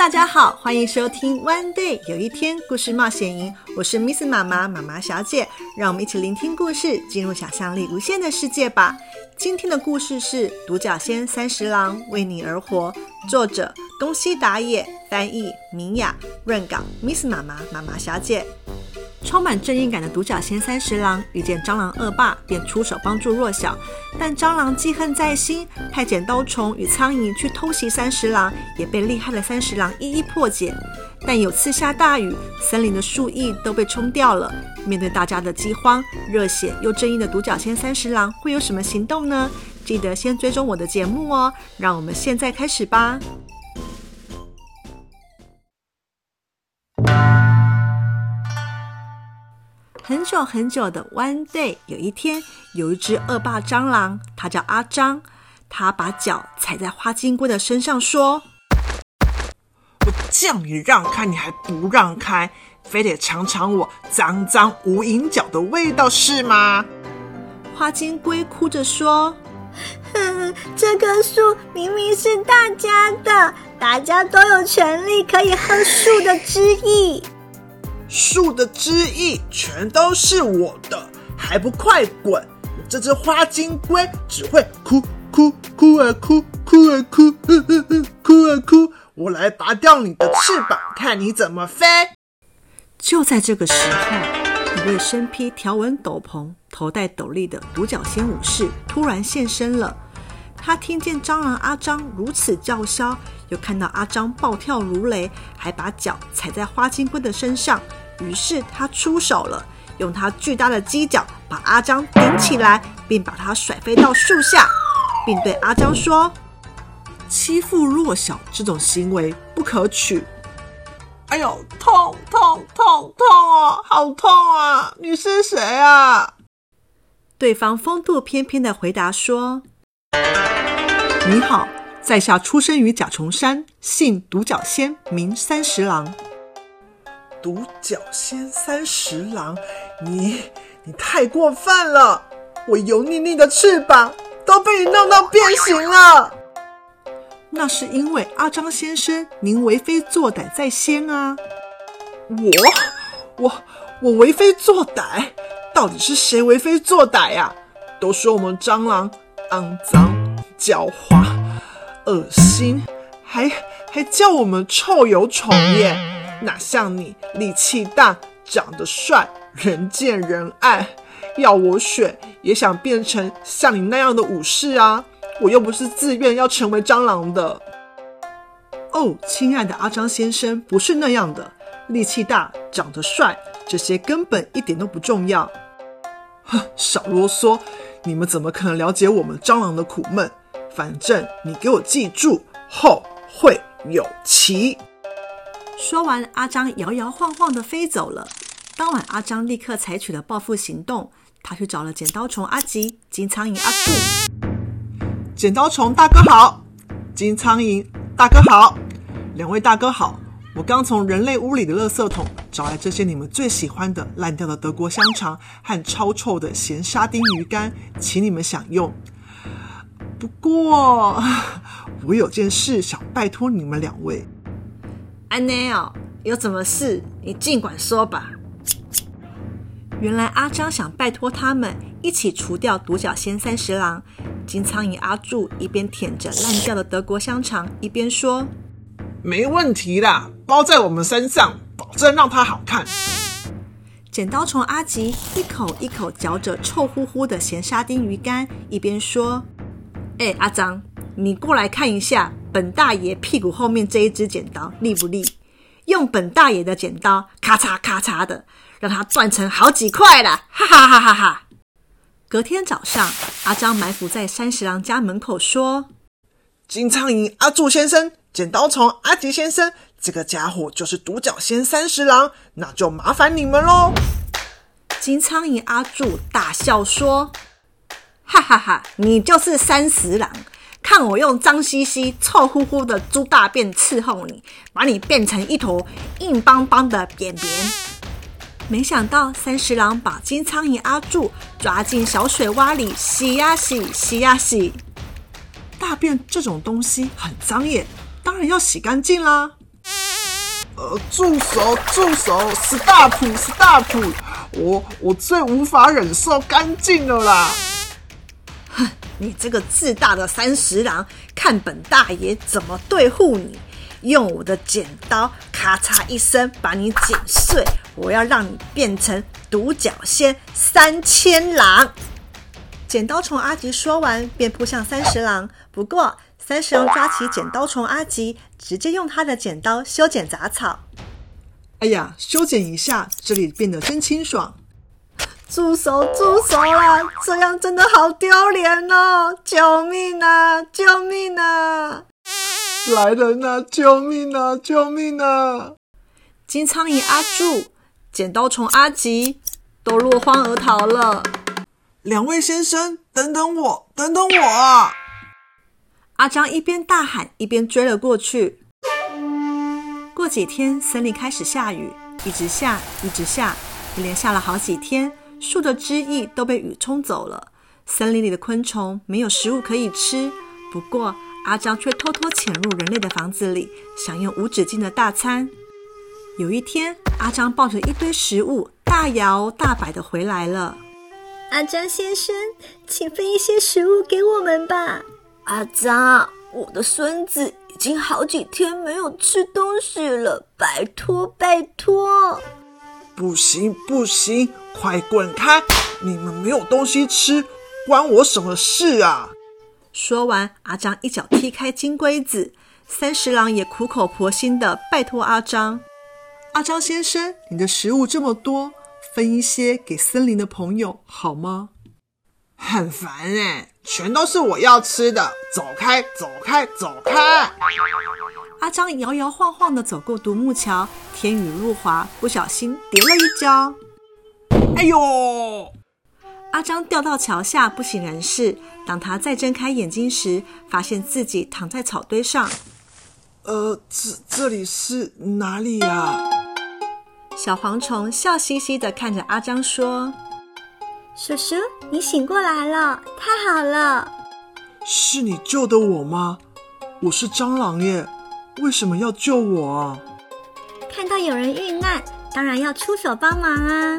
大家好，歡迎收聽《One Day 有一天故事冒險營》。我是 Miss 媽媽媽媽小姐，讓我們一起聆聽故事，進入想象力無限的世界吧。今天的故事是《獨角仙三十郎為你而活》，作者東西達也，翻譯明雅，潤稿。Miss 媽媽媽媽小姐。充滿正義感的獨角仙三十郎遇見蟑螂惡霸，便出手幫助弱小，但蟑螂記恨在心，派剪刀蟲與蒼蠅去偷襲三十郎，也被厲害的三十郎一一破解。但有次下大雨，森林的樹液都被沖掉了。面對大家的饑荒，熱血又正義的獨角仙三十郎會有什麼行動呢？記得先追蹤我的節目哦！讓我們現在開始吧。很久很久的 One Day，有一天，有一只惡霸蟑螂，他叫阿蟑，他把腳踩在花金龜的身上，說。叫你讓開，你還不讓開，非得嘗嘗我蟑蟑無影腳的味道是嗎？花金龜哭着說：“嗯、這棵、個、樹明明是大家的，大家都有權利可以喝樹的汁液。樹的汁液全都是我的，還不快滾！這隻花金龜只會哭。”哭哭啊哭，哭啊哭，哼哼哼，哭啊哭！我來拔掉你的翅膀，看你怎麼飛！就在這個時候，一位身披條紋斗篷、頭戴斗笠的獨角仙武士突然現身了。他聽見蟑螂阿蟑如此叫囂，又看到阿蟑暴跳如雷，還把腳踩在花金龜的身上，於是他出手了，用他巨大的犄角把阿蟑頂起來，並把他甩飛到樹下。並對阿蟑說：“欺負弱小這種行為不可取。”哎呦，痛痛痛痛哦、啊，好痛啊！你是誰啊？對方風度翩翩的回答說：“你好，在下出生於甲蟲山，姓獨角仙，名三十郎。”獨角仙三十郎，你你太過分了！我油膩膩的翅膀。都被你弄到變形了。那是因為阿張先生，您為非作歹在先啊！我，我，我為非作歹？到底是誰為非作歹呀？啊？都說我們蟑螂骯髒、狡猾、惡心，還還叫我們臭油蟲耶？哪像你，力氣大，長得帥，人見人愛。要我選，也想變成像你那樣的武士啊！我又不是自願要成為蟑螂的。哦，親愛的阿蟑先生，不是那樣的，力氣大、長得帥，這些根本一點都不重要。哼，少囉嗦！你們怎麼可能了解我們蟑螂的苦悶？反正你給我記住，後會有期。說完，阿蟑搖搖晃晃地飛走了。當晚，阿蟑立刻採取了報復行動。他去找了剪刀蟲阿吉、金蒼蠅阿助。剪刀蟲大哥好，金蒼蠅大哥好，兩位大哥好，我剛從人類屋裡的垃圾桶找來這些你們最喜歡的爛掉的德國香腸和超臭的鹹沙丁魚干，請你們享用。不過，我有件事想拜託你們兩位。安奈爾，有什麼事你盡管說吧。原來阿蟑想拜託他們一起除掉獨角仙三十郎。金蒼蠅阿助一邊舔着爛掉的德國香腸，一邊說：“沒問題啦，包在我們身上，保證讓他好看。”剪刀蟲阿吉一口一口嚼着臭乎乎的鹹沙丁魚乾，一邊說：“哎、欸，阿蟑，你過來看一下，本大爺屁股後面這一隻剪刀利不利？用本大爺的剪刀，咔嚓咔嚓的。”讓他斷成好幾塊了，哈，哈哈哈哈哈！隔天早上，阿張埋伏在三十郎家門口說：“金蒼蠅阿助先生，剪刀蟲阿吉先生，這個家伙就是獨角仙三十郎，那就麻煩你們咯。”金蒼蠅阿助大笑說：“哈，哈哈哈，你就是三十郎，看我用髒兮兮、臭乎乎的豬大便伺候你，把你變成一坨硬邦邦的便便。」沒想到三十郎把金蒼蠅阿助抓進小水窪裡洗呀洗，洗呀洗。大便這種東西很髒耶，當然要洗乾淨啦。呃，住手住手，stop stop，我我最無法忍受乾淨的啦。哼，你這個自大的三十郎，看本大爺怎麼對付你！用我的剪刀，咔嚓一聲把你剪碎！我要讓你變成獨角仙三千郎，剪刀蟲阿吉說完便撲向三十郎。不過三十郎抓起剪刀蟲阿吉，直接用他的剪刀修剪雜草。哎呀，修剪一下，這裡變得真清爽。住手，住手啦，啊！這樣真的好丟臉哦！救命啊！救命啊！來人啊！救命啊！救命啊！金蒼蠅阿助。剪刀蟲阿吉都落荒而逃了。兩位先生，等等我，等等我啊！阿蟑一邊大喊一邊追了過去。過幾天，森林開始下雨，一直下，一直下，一連下了好幾天，樹的枝葉都被雨沖走了。森林裡的昆蟲沒有食物可以吃，不過阿蟑卻偷偷偷潛入人類的房子裡，享用無止境的大餐。有一天，阿蟑抱着一堆食物，大搖大擺地回來了。阿蟑先生，請分一些食物給我們吧。阿蟑，我的孫子已經好幾天沒有吃東西了，拜托，拜托。不行，不行，快滾開！你們沒有東西吃，關我什麼事啊？說完，阿蟑一腳踢開金龜子。三十郎也苦口婆心地拜托阿蟑。阿蟑先生，你的食物這麼多，分一些給森林的朋友好嗎？很煩哎、欸，全都是我要吃的，走開，走開，走開！阿蟑搖搖晃晃地走過獨木橋，天雨路滑，不小心跌了一跤。哎呦！阿蟑掉到橋下不省人事。當他再睜開眼睛時，發現自己躺在草堆上。呃，這這裡是哪裡啊？小蝗蟲笑嘻嘻的看着阿張說：“叔叔，你醒過來了，太好了！是你救的我嗎？我是蟑螂耶，為什麼要救我啊？”看到有人遇難，當然要出手幫忙啊！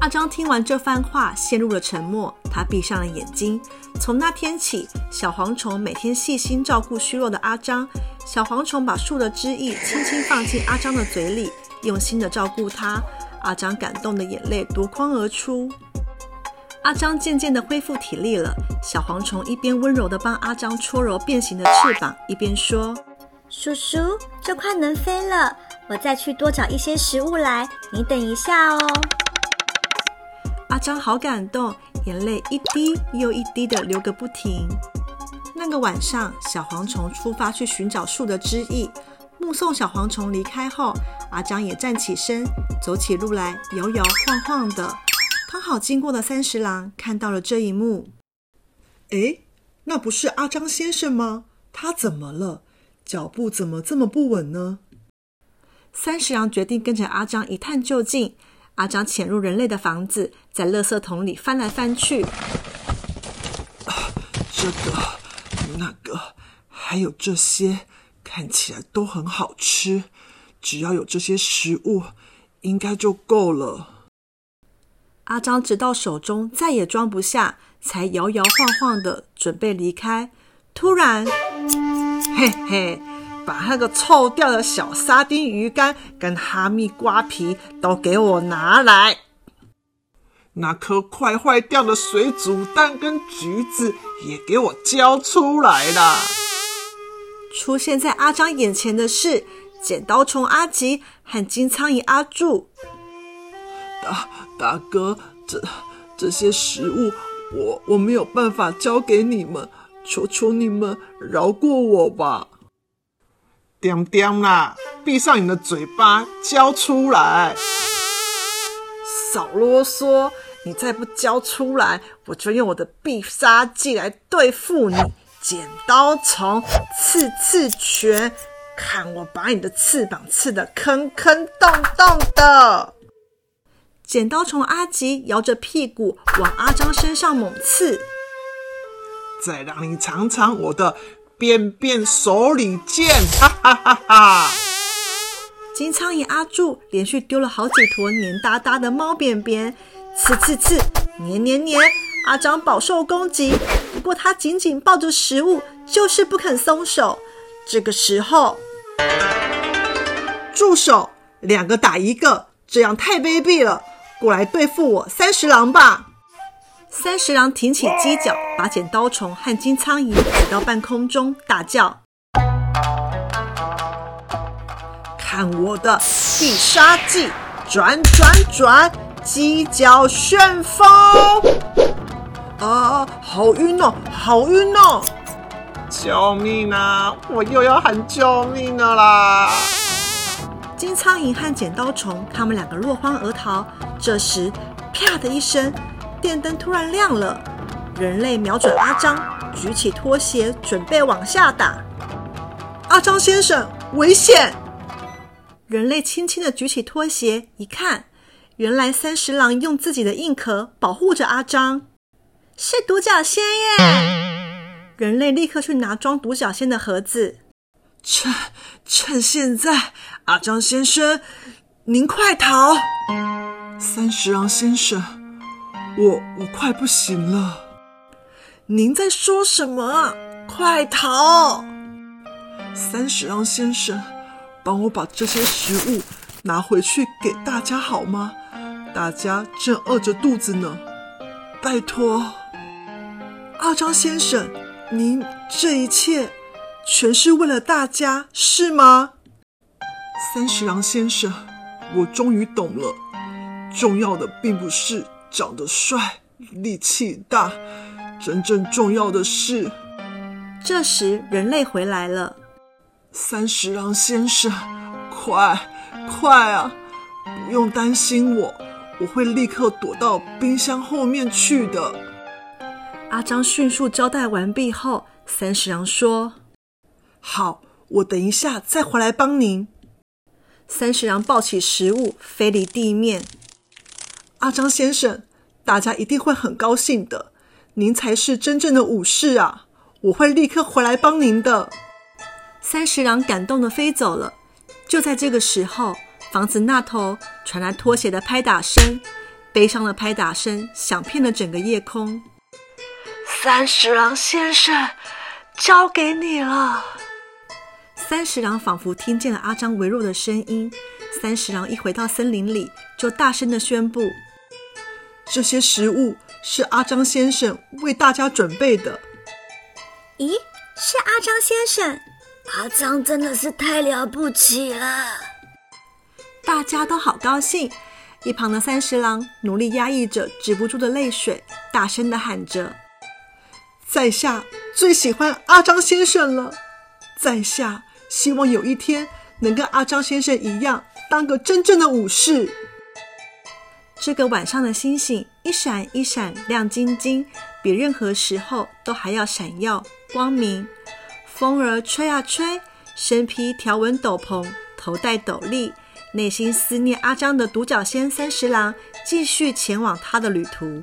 阿張聽完這番話，陷入了沉默。他閉上了眼睛。從那天起，小蝗蟲每天細心照顧虛弱的阿張。小蝗蟲把樹的汁液輕輕放進阿張的嘴裡。用心的照顧他，阿蟑感動的眼淚奪眶而出。阿蟑漸漸的恢復體力了，小蝗蟲一邊溫柔的幫阿蟑搓揉變形的翅膀，一邊說：“叔叔，這快能飛了，我再去多找一些食物來，你等一下哦。”阿蟑好感動，眼淚一滴又一滴的流個不停。那個晚上，小蝗蟲出發去尋找樹的汁液。目送小蝗蟲離開後，阿蟑也站起身，走起路來搖搖晃晃的。剛好經過的三十郎看到了這一幕，哎，那不是阿蟑先生嗎？他怎麼了？腳步怎麼這麼不穩呢？三十郎決定跟着阿蟑一探究竟。阿蟑潛入人類的房子，在垃圾桶裡翻來翻去，這個、那個，還有這些。看起來都很好吃，只要有這些食物，應該就夠了。阿蟑直到手中再也裝不下，才搖搖晃晃地準備離開。突然，嘿嘿，把那個臭掉的小沙丁魚乾跟哈密瓜皮都給我拿來。那顆快壞掉的水煮蛋跟橘子也給我交出來啦。出現在阿蟑眼前的是剪刀蟲阿吉和金蒼蠅阿助。大大哥，這這些食物，我我沒有辦法交給你們，求求你們饒過我吧。點點啦、啊，閉上你的嘴巴，交出來！少囉嗦，你再不交出來，我就用我的必殺技來對付你。剪刀蟲刺刺拳，看我把你的翅膀刺得坑坑洞洞的！剪刀蟲阿吉搖着屁股往阿蟑身上猛刺，再讓你嘗嘗我的便便手裡劍！哈哈哈哈！金蒼蠅阿助連續丟了好幾坨黏噠噠的貓便便，刺刺刺，黏黏黏，阿蟑飽受攻擊。不過他緊緊抱着食物，就是不肯鬆手。這個時候，住手！兩個打一個，這樣太卑鄙了。過來對付我三十郎吧！三十郎挺起犄角，把剪刀蟲和金蒼蠅甩到半空中，大叫：“看我的必殺技！轉轉轉，犄角旋風！”哦、呃。好暈哦，好暈哦！救命啊！我又要喊救命啊！啦！金蒼蠅和剪刀蟲，他們兩個落荒而逃。這時，啪的一聲，電燈突然亮了。人類瞄準阿蟑，舉起拖鞋準備往下打。阿蟑先生，危險！人類輕輕的舉起拖鞋，一看，原來三十郎用自己的硬殼保護着阿蟑。是獨角仙耶！人類立刻去拿裝獨角仙的盒子。趁趁現在，阿蟑先生，您快逃！三十郎先生，我我快不行了，您在說什麼？快逃！三十郎先生，幫我把這些食物拿回去給大家好嗎？大家正餓着肚子呢，拜託。阿蟑先生，您這一切全是為了大家，是嗎？三十郎先生，我終於懂了，重要的並不是長得帥、力氣大，真正重要的是。這時，人類回來了。三十郎先生，快，快啊！不用擔心我，我會立刻躲到冰箱後面去的。阿蟑迅速交代完畢後，三十郎說：“好，我等一下再回來幫您。”三十郎抱起食物飛離地面。阿蟑先生，大家一定會很高興的。您才是真正的武士啊！我會立刻回來幫您的。三十郎感動地飛走了。就在這個時候，房子那頭傳來拖鞋的拍打聲，悲傷的拍打聲響遍了整個夜空。三十郎先生，交給你了。三十郎仿佛聽見了阿張微弱的聲音。三十郎一回到森林裡，就大聲的宣布：“這些食物是阿張先生為大家準備的。”咦，是阿張先生！阿張真的是太了不起了！大家都好高興。一旁的三十郎努力壓抑着止不住的淚水，大聲的喊着。在下最喜歡阿蟑先生了，在下希望有一天能跟阿蟑先生一樣，當個真正的武士。這個晚上的星星一閃一閃亮晶晶，比任何時候都還要閃耀光明。風兒吹啊吹，身披條紋斗篷，頭戴斗笠，內心思念阿蟑的獨角仙三十郎，繼續前往他的旅途。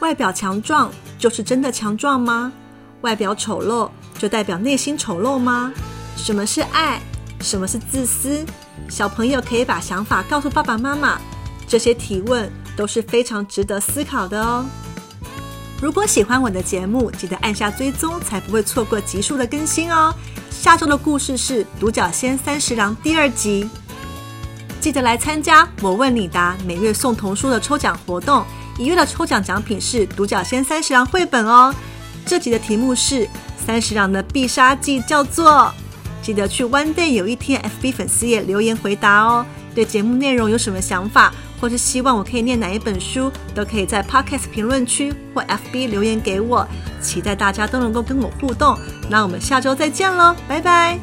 外表強壯就是真的強壯嗎？外表醜陋就代表內心醜陋嗎？什麼是愛？什麼是自私？小朋友可以把想法告訴爸爸媽媽。這些提問都是非常值得思考的哦。如果喜歡我的節目，記得按下追蹤，才不會錯過集數的更新哦。下周的故事是《獨角仙三十郎》第二集，記得來參加我問你答每月送童書的抽獎活動。一月的抽獎獎品是《獨角仙三十郎》繪本哦。這集的題目是《三十郎的必殺技》，叫做記得去 One Day 有一天 FB 粉絲頁留言回答哦。對節目內容有什麼想法，或是希望我可以念哪一本書，都可以在 Podcast 評論區或 FB 留言給我。期待大家都能夠跟我互動。那我們下周再見嘍，拜拜。